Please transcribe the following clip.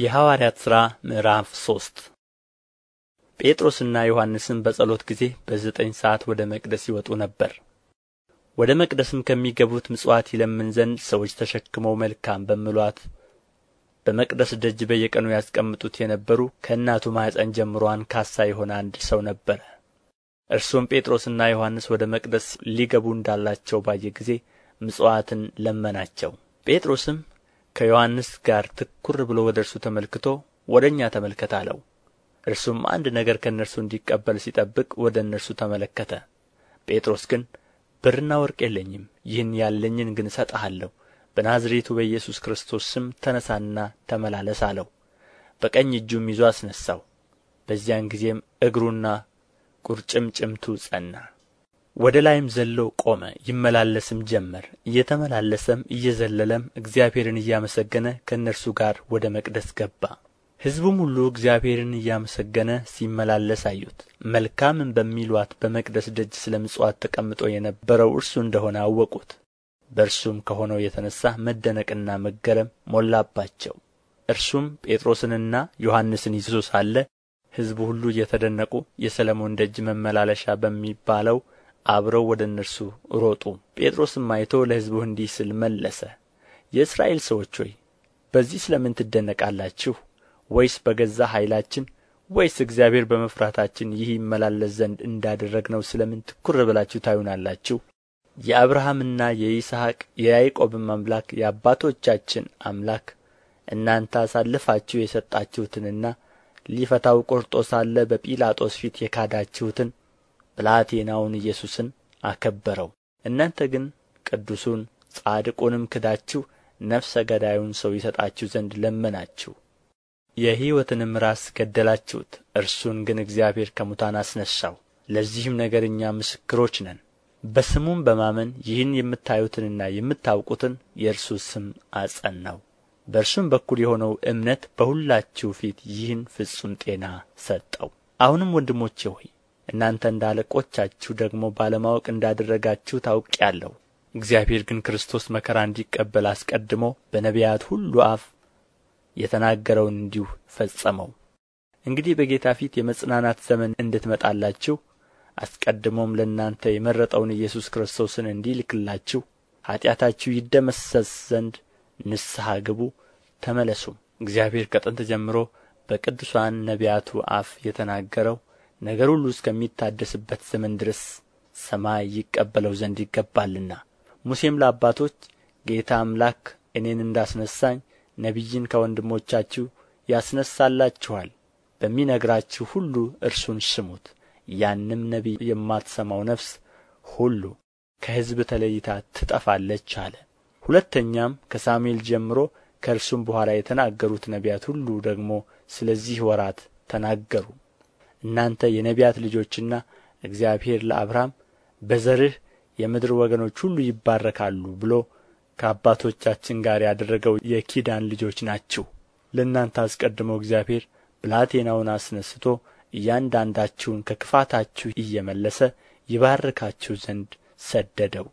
የሐዋርያት ሥራ ምዕራፍ ሶስት ጴጥሮስና ዮሐንስም በጸሎት ጊዜ በዘጠኝ ሰዓት ወደ መቅደስ ይወጡ ነበር። ወደ መቅደስም ከሚገቡት ምጽዋት ይለምን ዘንድ ሰዎች ተሸክመው መልካም በሚሏት በመቅደስ ደጅ በየቀኑ ያስቀምጡት የነበሩ ከእናቱ ማኅፀን ጀምሮ አንካሳ የሆነ አንድ ሰው ነበረ። እርሱም ጴጥሮስና ዮሐንስ ወደ መቅደስ ሊገቡ እንዳላቸው ባየ ጊዜ ምጽዋትን ለመናቸው። ጴጥሮስም ከዮሐንስ ጋር ትኩር ብሎ ወደ እርሱ ተመልክቶ ወደ እኛ ተመልከት አለው እርሱም አንድ ነገር ከእነርሱ እንዲቀበል ሲጠብቅ ወደ እነርሱ ተመለከተ ጴጥሮስ ግን ብርና ወርቅ የለኝም ይህን ያለኝን ግን እሰጥሃለሁ በናዝሬቱ በኢየሱስ ክርስቶስ ስም ተነሳና ተመላለስ አለው በቀኝ እጁም ይዞ አስነሳው። በዚያን ጊዜም እግሩና ቁርጭምጭምቱ ጸና ወደ ላይም ዘሎ ቆመ ይመላለስም ጀመር እየተመላለሰም እየዘለለም እግዚአብሔርን እያመሰገነ ከእነርሱ ጋር ወደ መቅደስ ገባ ሕዝቡም ሁሉ እግዚአብሔርን እያመሰገነ ሲመላለስ አዩት መልካምም በሚሏት በመቅደስ ደጅ ስለ ምጽዋት ተቀምጦ የነበረው እርሱ እንደሆነ አወቁት በእርሱም ከሆነው የተነሣ መደነቅና መገረም ሞላባቸው እርሱም ጴጥሮስንና ዮሐንስን ይዞ ሳለ ሕዝቡ ሁሉ እየተደነቁ የሰለሞን ደጅ መመላለሻ በሚባለው አብረው ወደ እነርሱ ሮጡ ጴጥሮስም አይቶ ለሕዝቡ እንዲህ ሲል መለሰ የእስራኤል ሰዎች ሆይ በዚህ ስለ ምን ትደነቃላችሁ ወይስ በገዛ ኃይላችን ወይስ እግዚአብሔር በመፍራታችን ይህ ይመላለስ ዘንድ እንዳደረግነው ስለ ምን ትኩር ብላችሁ ታዩናላችሁ የአብርሃምና የይስሐቅ የያዕቆብም አምላክ የአባቶቻችን አምላክ እናንተ አሳልፋችሁ የሰጣችሁትንና ሊፈታው ቆርጦ ሳለ በጲላጦስ ፊት የካዳችሁትን ብላቴናውን ኢየሱስን አከበረው እናንተ ግን ቅዱሱን ጻድቁንም ክዳችሁ ነፍሰ ገዳዩን ሰው ይሰጣችሁ ዘንድ ለመናችሁ የሕይወትንም ራስ ገደላችሁት እርሱን ግን እግዚአብሔር ከሙታን አስነሣው ለዚህም ነገር እኛ ምስክሮች ነን በስሙም በማመን ይህን የምታዩትንና የምታውቁትን የእርሱ ስም አጸናው በእርሱም በኩል የሆነው እምነት በሁላችሁ ፊት ይህን ፍጹም ጤና ሰጠው አሁንም ወንድሞቼ ሆይ እናንተ እንደ አለቆቻችሁ ደግሞ ባለማወቅ እንዳደረጋችሁ ታውቂያለሁ። እግዚአብሔር ግን ክርስቶስ መከራ እንዲቀበል አስቀድሞ በነቢያት ሁሉ አፍ የተናገረውን እንዲሁ ፈጸመው እንግዲህ በጌታ ፊት የመጽናናት ዘመን እንድትመጣላችሁ አስቀድሞም ለእናንተ የመረጠውን ኢየሱስ ክርስቶስን እንዲልክላችሁ ኀጢአታችሁ ይደመሰስ ዘንድ ንስሐ ግቡ ተመለሱም እግዚአብሔር ከጥንት ጀምሮ በቅዱሳን ነቢያቱ አፍ የተናገረው ነገር ሁሉ እስከሚታደስበት ዘመን ድረስ ሰማይ ይቀበለው ዘንድ ይገባልና ሙሴም ለአባቶች ጌታ አምላክ እኔን እንዳስነሳኝ ነቢይን ከወንድሞቻችሁ ያስነሳላችኋል፣ በሚነግራችሁ ሁሉ እርሱን ስሙት ያንም ነቢይ የማትሰማው ነፍስ ሁሉ ከሕዝብ ተለይታ ትጠፋለች አለ። ሁለተኛም ከሳሙኤል ጀምሮ ከእርሱም በኋላ የተናገሩት ነቢያት ሁሉ ደግሞ ስለዚህ ወራት ተናገሩ። እናንተ የነቢያት ልጆችና እግዚአብሔር ለአብርሃም በዘርህ የምድር ወገኖች ሁሉ ይባረካሉ ብሎ ከአባቶቻችን ጋር ያደረገው የኪዳን ልጆች ናችሁ ለእናንተ አስቀድሞ እግዚአብሔር ብላቴናውን አስነስቶ እያንዳንዳችሁን ከክፋታችሁ እየመለሰ ይባርካችሁ ዘንድ ሰደደው